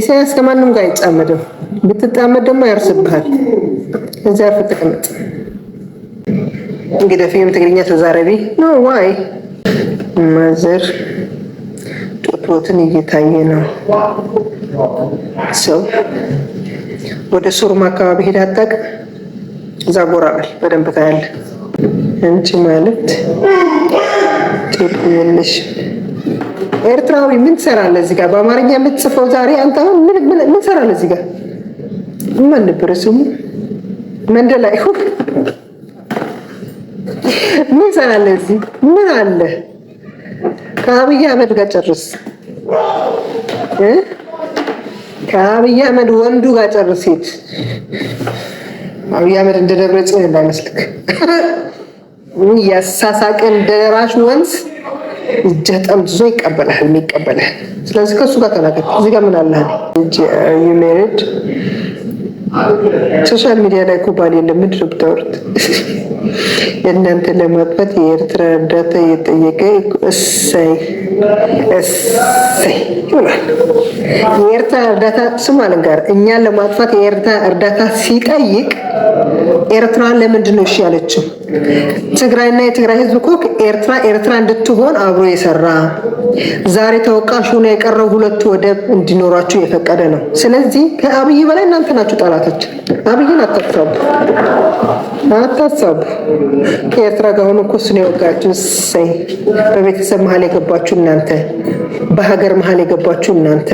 ኢሳያስ ከማንም ጋር አይጫመድም። ብትጣመድ ደግሞ ያርስብሃል። እዚያ አርፈህ ተቀመጥ። እንግዲህ ፊልም ትግርኛ ተዛረቢ ኖ ዋይ ማዘር ጡቶትን እየታየ ነው። ሰው ወደ ሱሩም አካባቢ ሄዳ አጣቅ እዛ ጎራ በል በደንብ ታያለህ። አንቺ ማለት ጤጥ የለሽም ኤርትራዊ ምን ትሰራለህ እዚህ ጋር? በአማርኛ የምትጽፈው ዛሬ አንተ አሁን ምን ትሰራለህ እዚህ ጋር? ማን ነበረ ስሙ? መንደላ መንደላይ ምን ትሰራለህ እዚህ? ምን አለ ከአብይ አህመድ ጋር ጨርስ ከአብይ አህመድ ወንዱ ጋር ጨርስ። ሴት አብይ አህመድ እንደ ደብረ ጽዮን እንዳይመስልክ እያሳሳቅን ደራሽ ወንዝ ጀጠም ዞ ይቀበልሃል የሚቀበልህ ስለዚህ ከሱ ጋር ተናገር እዚህ ጋር ምን አለህ uh, ሶሻል ሚዲያ ላይ ኩባል የለም። ምንድን ነው ብታወሩት? የእናንተ ለማጥፋት የኤርትራ እርዳታ እየጠየቀ እሰይ እሰይ የኤርትራ እርዳታ ስም አለን ጋር እኛን ለማጥፋት የኤርትራ እርዳታ ሲጠይቅ ኤርትራ ለምንድን ነው እሺ ያለችው? ትግራይና የትግራይ ህዝብ እኮ ኤርትራ ኤርትራ እንድትሆን አብሮ የሰራ ዛሬ ተወቃሽ ሆነ የቀረው ሁለቱ ወደብ እንዲኖራችሁ የፈቀደ ነው። ስለዚህ ከአብይ በላይ እናንተ ናችሁ ጠላት። አባቶች አብይን አታሳቡ፣ አታሳቡ። ከኤርትራ ጋር ሆኖ እኮ እሱን የወጋችሁ እሰይ። በቤተሰብ መሀል የገባችሁ እናንተ፣ በሀገር መሀል የገባችሁ እናንተ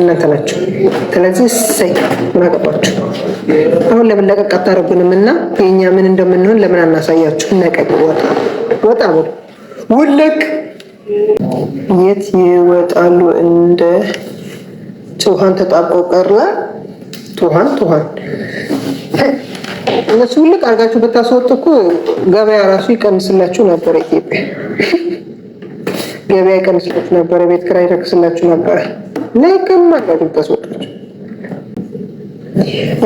እናንተ ናቸው። ስለዚህ እሰይ፣ ምን አገባችሁ አሁን? ለምን ለቀቅ አታደርጉንም? እና የእኛ ምን እንደምንሆን ለምን አናሳያችሁ? ነቀቅ፣ ወጣ፣ ወጣ ውለቅ። የት ይወጣሉ እንደ ጽሑሃን ተጣብቆ ቀርላ ጡሃን ጡሃን እነሱ ሁልቅ አርጋችሁ ብታስወጡ እኮ ገበያ ራሱ ይቀንስላችሁ ነበር። ኢትዮጵያ ገበያ ይቀንስላችሁ ነበር። ቤት ክራይ ይረክስላችሁ ነበረ። ለቅም አርጋችሁ ብታስወጣችሁ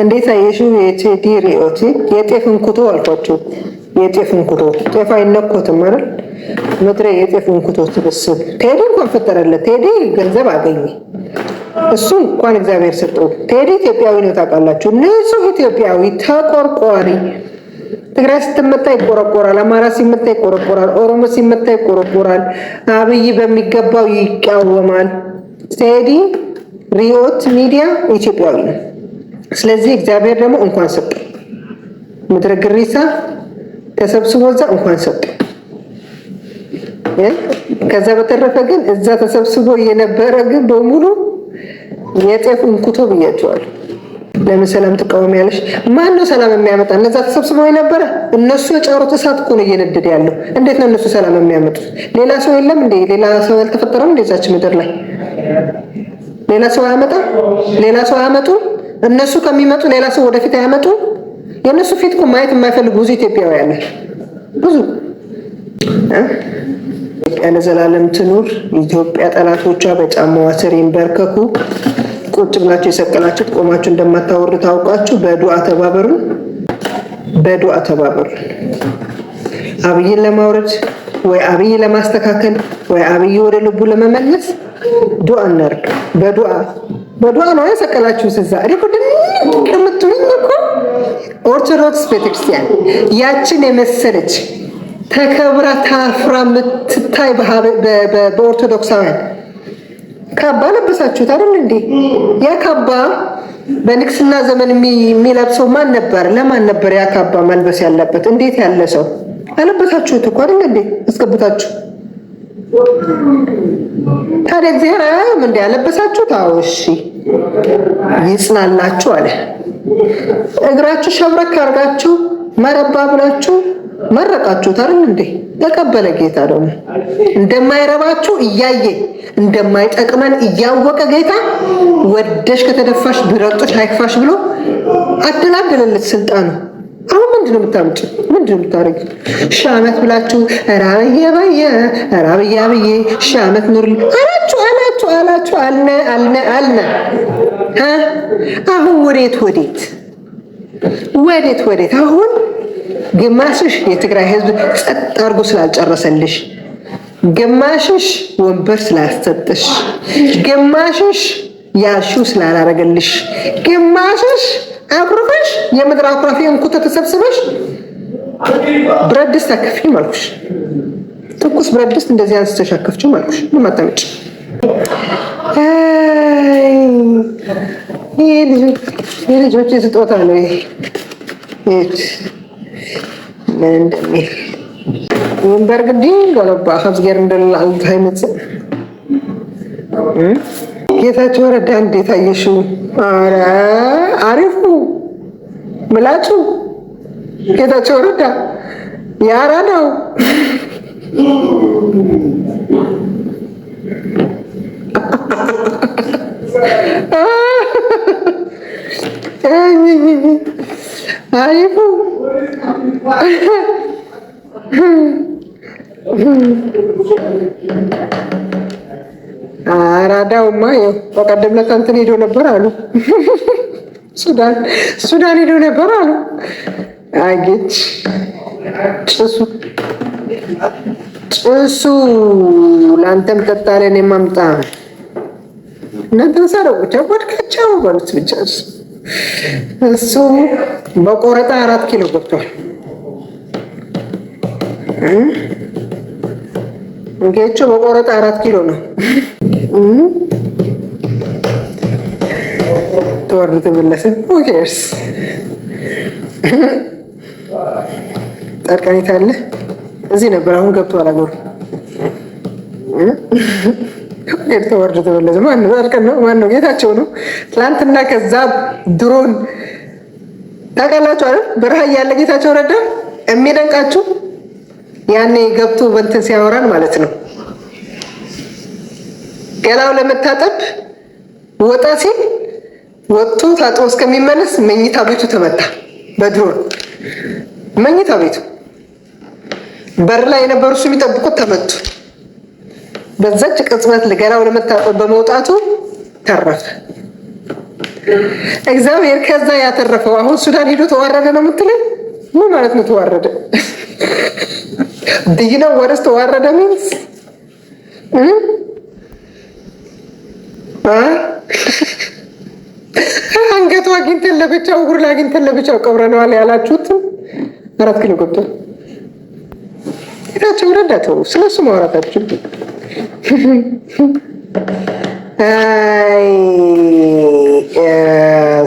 እንዴት አየሽው? የቴዲ ሪዮቲ የጤፍን ኩቶ አልኳቸው። የጤፍን ኩቶ ጤፍ አይነኮትም አይደል? ምድሬ የጤፍ እንኩቶ ትብስብ ቴዲ እንኳን ፈጠረለት። ቴዲ ገንዘብ አገኘ። እሱን እንኳን እግዚአብሔር ሰጠው። ቴዲ ኢትዮጵያዊ ነው ታውቃላችሁ፣ ንጹህ ኢትዮጵያዊ ተቆርቋሪ። ትግራይ ስትመታ ይቆረቆራል፣ አማራ ሲመታ ይቆረቆራል፣ ኦሮሞ ሲመታ ይቆረቆራል። አብይ በሚገባው ይቃወማል። ቴዲ ሪዮት ሚዲያ ኢትዮጵያዊ ነው። ስለዚህ እግዚአብሔር ደግሞ እንኳን ሰጠው። ምድረ ግሪሳ ተሰብስቦ እዛ እንኳን ሰጠው። ከዛ በተረፈ ግን እዛ ተሰብስቦ የነበረ ግን በሙሉ የጤፍ እንኩቶ ብያቸዋለሁ። ለምን ሰላም ያለሽ ማን ነው ሰላም የሚያመጣ? እነዛ ተሰብስበው ነበረ። እነሱ የጫሩት እሳት እኮ ነው እየነደደ ያለው። እንዴት ነው እነሱ ሰላም የሚያመጡት? ሌላ ሰው የለም እንዴ? ሌላ ሰው ያልተፈጠረም እንደዛች ምድር ላይ ሌላ ሰው አያመጣም? ሌላ ሰው አያመጡም? እነሱ ከሚመጡ ሌላ ሰው ወደፊት አያመጡ? የእነሱ ፊት እኮ ማየት የማይፈልጉ ብዙ ኢትዮጵያውያን ብዙ ኢትዮጵያ ለዘላለም ትኑር። ኢትዮጵያ ጠላቶቿ በጫማዋ ስር ይንበርከኩ። ቁጭ ብላችሁ የሰቀላችሁት ቆማችሁ እንደማታወርዱ ታውቃችሁ በዱዓ ተባበሩን፣ በዱዓ ተባበሩን። አብይን ለማውረድ ወይ አብይ ለማስተካከል ወይ አብይ ወደ ልቡ ለመመለስ ዱዓ እናርግ። በዱዓ በዱዓ ነው የሰቀላችሁ ስዛ እኮ ድምቅ የምትሉኝ እኮ ኦርቶዶክስ ቤተክርስቲያን ያችን የመሰለች ተከብራ ታፍራ የምትታይ በኦርቶዶክሳውያን ካባ ለበሳችሁት አይደል እንዴ? ያ ካባ በንግስና ዘመን የሚለብሰው ማን ነበር? ለማን ነበር ያ ካባ መልበስ ያለበት? እንዴት ያለ ሰው አለበሳችሁት እኮ አይደል እንዴ? አስገብታችሁ ታዲያ እግዚአብሔር አያየም እንዴ? አለበሳችሁት። አዎ እሺ፣ ይጽናላችሁ አለ። እግራችሁ ሸብረክ አድርጋችሁ መረባ ብላችሁ መረቃችሁት አይደል እንዴ? ተቀበለ ጌታ ደግሞ እንደማይረባችሁ እያየ እንደማይጠቅመን እያወቀ ጌታ ወደሽ ከተደፋሽ ቢረግጦሽ አይክፋሽ ብሎ አደላደለለት ስልጣኑ። አሁን ምንድን ነው የምታምጭ? ምንድን ነው የምታደርጊ? ሺህ ዓመት ብላችሁ ራብዬ በየ ራብዬ ብዬ ሺህ ዓመት ኑር አላችሁ አላችሁ አላችሁ አልነ አልነ አልነ። አሁን ወዴት ወዴት ወዴት ወዴት አሁን ግማሽሽ የትግራይ ህዝብ ጸጥ አርጎ ስላልጨረሰልሽ፣ ግማሽሽ ወንበር ስላልሰጠሽ፣ ግማሽሽ ያሹ ስላላረገልሽ፣ ግማሽሽ አኩርፈሽ የምድር አኩራፊ እንኩተ ተሰብስበሽ ብረት ድስት አከፍኝ አልኩሽ። ትኩስ ብረት ድስት እንደዚህ አንስተሽ አከፍችም አልኩሽ። ልማታመጭ ይህ ልጆች ስጦታ ነው። ምን እንደሚል ወንበርግዲ ገለባ ካብዚገር እንደላ ኣይመፅእ ጌታቸው ወረዳ እንዴት አየሽው? አረ አሪፉ ምላጩ ጌታቸው ረዳ ነው አሪፉ አራዳውማ ይኸው በቀደም ዕለት እንትን ሄዶ ነበር አሉ። ሱዳን ሱዳን ሄዶ ነበር አሉ። አጌች ጭሱ ጭሱ ለአንተም ጠጣ ለእኔም አምጣ። እናንተን ሳለው ብቻ ወድቃቸው ብቻ እሱ በቆረጣ አራት ኪሎ ገብቷል። ጌቾ በቆረጠ አራት ኪሎ ነው። ተወርድ ትመለስን ርስ ጠርቀኔት አለ እዚህ ነበር። አሁን ገብተዋል አገሩ ተወርድ ትመለስ። ማነው ጠርቀን ነው? ማነው ጌታቸው ነው። ትላንትና ከዛ ድሮን ታውቃላችሁ አይደል? በረሃ እያለ ጌታቸው ረዳ የሚደንቃችሁ ያኔ ገብቶ በእንትን ሲያወራን ማለት ነው። ገላው ለመታጠብ ወጣ ሲል ወጥቶ ታጥቦ እስከሚመለስ መኝታ ቤቱ ተመታ በድሮን መኝታ ቤቱ በር ላይ የነበሩ እሱ የሚጠብቁት ተመቱ። በዛች ቅጽበት ገላው ለመታጠብ በመውጣቱ ተረፈ። እግዚአብሔር ከዛ ያተረፈው አሁን ሱዳን ሄዶ ተዋረደ ነው የምትለን? ምን ማለት ነው ተዋረደ? you know what is the word that means? Hmm? አንገቱ አግኝተን ለብቻው እግሩ ላይ አግኝተን ለብቻው ቀብረነዋል ያላችሁትም አራት ኪሎ ገብቶ ሄዳቸው ረዳተው ስለሱ ማውራታችን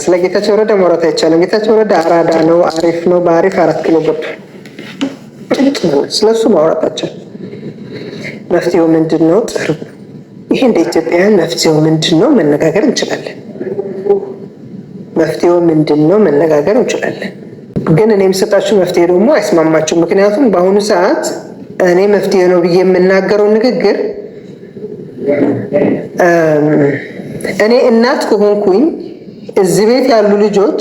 ስለ ጌታቸው ረዳ ማውራት አይቻልም። ጌታቸው ረዳ አራዳ ነው፣ አሪፍ ነው። በአሪፍ አራት ኪሎ ገብቷል። ጥልቅ ነው። ስለሱ ማውራታችን መፍትሄው ምንድን ነው? ጥሩ ይሄ እንደ ኢትዮጵያውያን መፍትሄው ምንድን ነው መነጋገር እንችላለን። መፍትሄው ምንድን ነው መነጋገር እንችላለን። ግን እኔ የምሰጣችሁ መፍትሄ ደግሞ አይስማማችሁ። ምክንያቱም በአሁኑ ሰዓት እኔ መፍትሄ ነው ብዬ የምናገረው ንግግር እኔ እናት ከሆንኩኝ እዚህ ቤት ያሉ ልጆች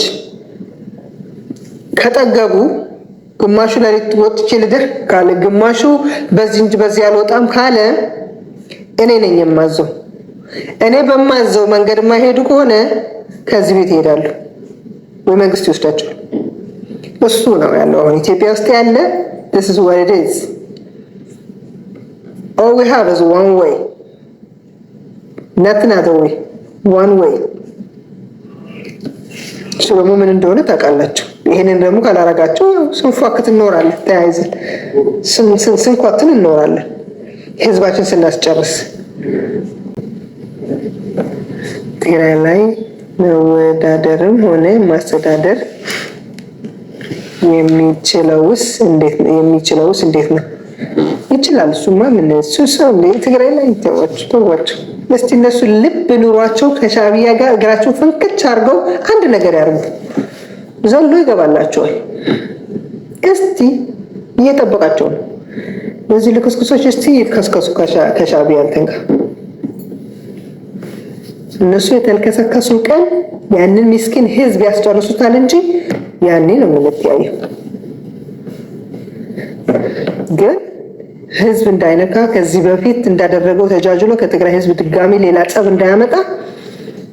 ከጠገቡ ግማሹ ለሊት ወጥቼ ልድር ካለ ግማሹ በዚህ እንጂ በዚህ አልወጣም ካለ እኔ ነኝ የማዘው። እኔ በማዘው መንገድ የማይሄዱ ከሆነ ከዚህ ቤት ይሄዳሉ ወይ መንግስት ይወስዳቸዋል። እሱ ነው ያለው አሁን ኢትዮጵያ ውስጥ ያለ this is what it is all we have is one way nothing other way one way እሱ ምን እንደሆነ ታውቃላችሁ። ይህንን ደግሞ ካላረጋቸው ስንፏክት እንኖራለን፣ ተያይዘን ስንኳትን እንኖራለን። ህዝባችን ስናስጨርስ ትግራይ ላይ መወዳደርም ሆነ ማስተዳደር የሚችለውስ የሚችለውስ እንዴት ነው? ይችላል። እሱማ ምን እሱ ሰው ትግራይ ላይ ተዋቸው ተዋቸው። እስቲ እነሱ ልብ ኑሯቸው ከሻቢያ ጋር እግራቸው ፍንክች አድርገው አንድ ነገር ያርጉ። ዘሎ ይገባላቸዋል። እስቲ እየጠበቃቸው ነው። እነዚህ ልክስክሶች እስቲ ይልከስከሱ ከሻዕቢያን ጋር እነሱ የተልከሰከሱ ቀን ያንን ምስኪን ህዝብ ያስጨርሱታል እንጂ ያኔ ነው የምንተያየው። ግን ህዝብ እንዳይነካ ከዚህ በፊት እንዳደረገው ተጃጅሎ ከትግራይ ህዝብ ድጋሚ ሌላ ጸብ እንዳያመጣ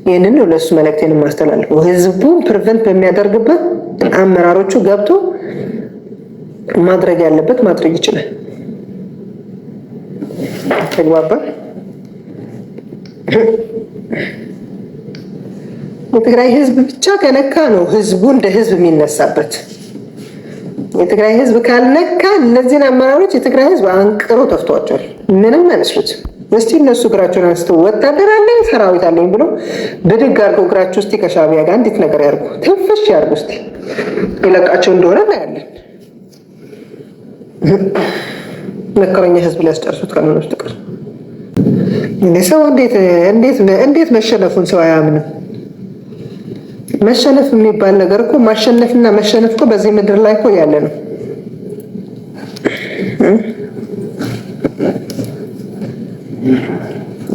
ይህንን ነው ለእሱ መልእክቴን የማስተላልፈው። ህዝቡን ፕሪቨንት በሚያደርግበት አመራሮቹ ገብቶ ማድረግ ያለበት ማድረግ ይችላል። ተግባባ። የትግራይ ህዝብ ብቻ ከነካ ነው ህዝቡ እንደ ህዝብ የሚነሳበት። የትግራይ ህዝብ ካልነካ እነዚህን አመራሮች የትግራይ ህዝብ አንቅሮ ተፍቷቸዋል። ምንም አይመስሉትም። እስቲ እነሱ እግራቸውን አንስተው ወታደር አለኝ ሰራዊት አለኝ ብሎ ብድግ አድርጎ እግራቸው እስቲ ከሻቢያ ጋር እንዴት ነገር ያርጉ፣ ትንፍሽ ያርጉ። እስቲ የለቃቸው እንደሆነ እናያለን። መከረኛ ህዝብ ሊያስጨርሱት ቀን ጥቅር ሰው እንዴት መሸነፉን ሰው አያምንም። መሸነፍ የሚባል ነገር እኮ ማሸነፍና መሸነፍ እኮ በዚህ ምድር ላይ እኮ ያለ ነው።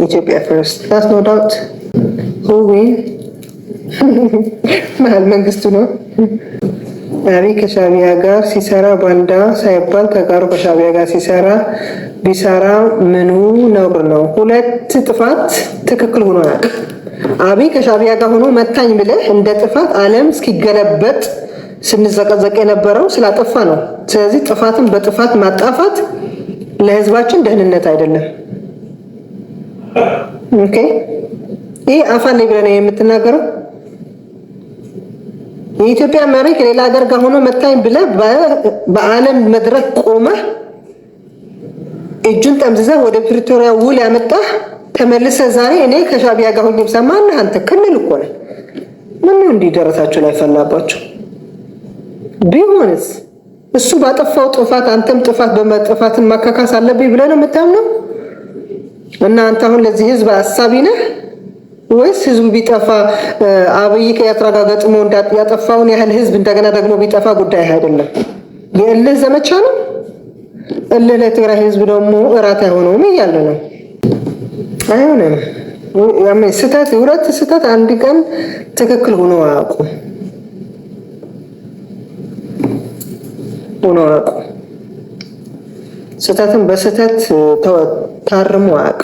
ኢትዮጵያ ፈርስት ዛት ኖ ዳውት ሆዌን መሀል መንግስቱ ነው። አብይ ከሻቢያ ጋር ሲሰራ ባንዳ ሳይባል ተጋሩ ከሻቢያ ጋር ሲሰራ ቢሰራ ምኑ ነውር ነው? ሁለት ጥፋት ትክክል ሆኖ አያውቅም። አብይ ከሻቢያ ጋር ሆኖ መታኝ ብለህ እንደ ጥፋት ዓለም እስኪገለበጥ ስንዘቀዘቅ የነበረው ስላጠፋ ነው። ስለዚህ ጥፋትን በጥፋት ማጣፋት ለህዝባችን ደህንነት አይደለም። ኦኬ ይህ አፋን ላይ ብለህ ነው የምትናገረው? የኢትዮጵያ መሪ ከሌላ ሀገር ጋር ሆኖ መታኝ ብለህ በዓለም መድረክ ቆመህ እጁን ጠምዝዘህ ወደ ፕሪቶሪያ ውል ያመጣህ ተመልሰህ ዛሬ እኔ ከሻቢያ ጋር ሁኝም ብሰማ እና አንተ ክንል እኮ ነህ። ምነው እንዲህ ቢሆንስ እሱ ባጠፋው ጥፋት አንተም ጥፋት በመጥፋትን ማካካስ አለብኝ ብለህ ነው የምታምነው? እና አንተ አሁን ለዚህ ህዝብ አሳቢ ነህ ወይስ ህዝቡ ቢጠፋ አብይ ከኤርትራ ጋር ገጥሞ ያጠፋውን ያህል ህዝብ እንደገና ደግሞ ቢጠፋ ጉዳይ አይደለም? የእልህ ዘመቻ ነው። እልህ ለትግራይ ህዝብ ደግሞ እራት አይሆነውም እያለ ነው። አይሆንም። ስህተት ሁለት ስህተት አንድ ቀን ትክክል ሆኖ አያውቁም ሆኖ አያውቁም። ስህተትን በስህተት ታርሞ አቅ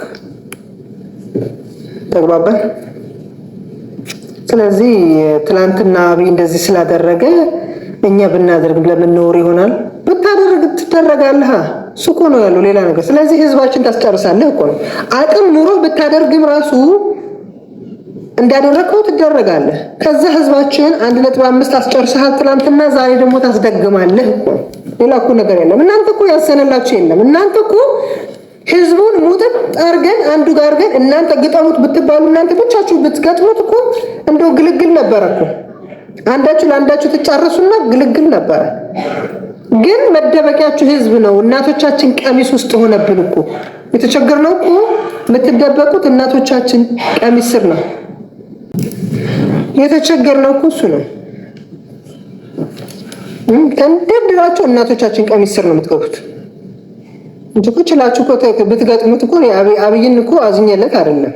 ተግባባን። ስለዚህ ትላንትና አብይ እንደዚህ ስላደረገ እኛ ብናደርግ ለምንኖር ይሆናል። ብታደርግ ትደረጋለህ። እሱ እኮ ነው ያለው፣ ሌላ ነገር። ስለዚህ ህዝባችን ታስጨርሳለህ እኮ ነው። አቅም ኑሮ ብታደርግም ራሱ እንዳደረግከው ትደረጋለህ። ከዛ ህዝባችን አንድ ነጥብ አምስት አስጨርሰሃል ትናንትና፣ ዛሬ ደግሞ ታስደግማለህ ሌላ እኮ ነገር የለም። እናንተ እኮ ያሰነላችሁ የለም። እናንተ እኮ ህዝቡን ሙጥጥ አርገን አንዱ ጋር አርገን እናንተ ግጠሙት ብትባሉ እናንተ ብቻችሁ ብትገጥሙት እኮ እንደው ግልግል ነበረ እኮ አንዳችሁ ለአንዳችሁ ትጫረሱና ግልግል ነበረ። ግን መደበቂያችሁ ህዝብ ነው። እናቶቻችን ቀሚስ ውስጥ ሆነብን እኮ የተቸገርነው እኮ የምትደበቁት እናቶቻችን ቀሚስ ስር ነው። የተቸገር ነው እኮ እሱ ነው። ተንደርድራችሁ እናቶቻችን ቀሚስ ስር ነው የምትገቡት እንጂ እኮ ችላችሁ ብትገጥሙት እኮ አብይን እኮ አዝኜለት አይደለም።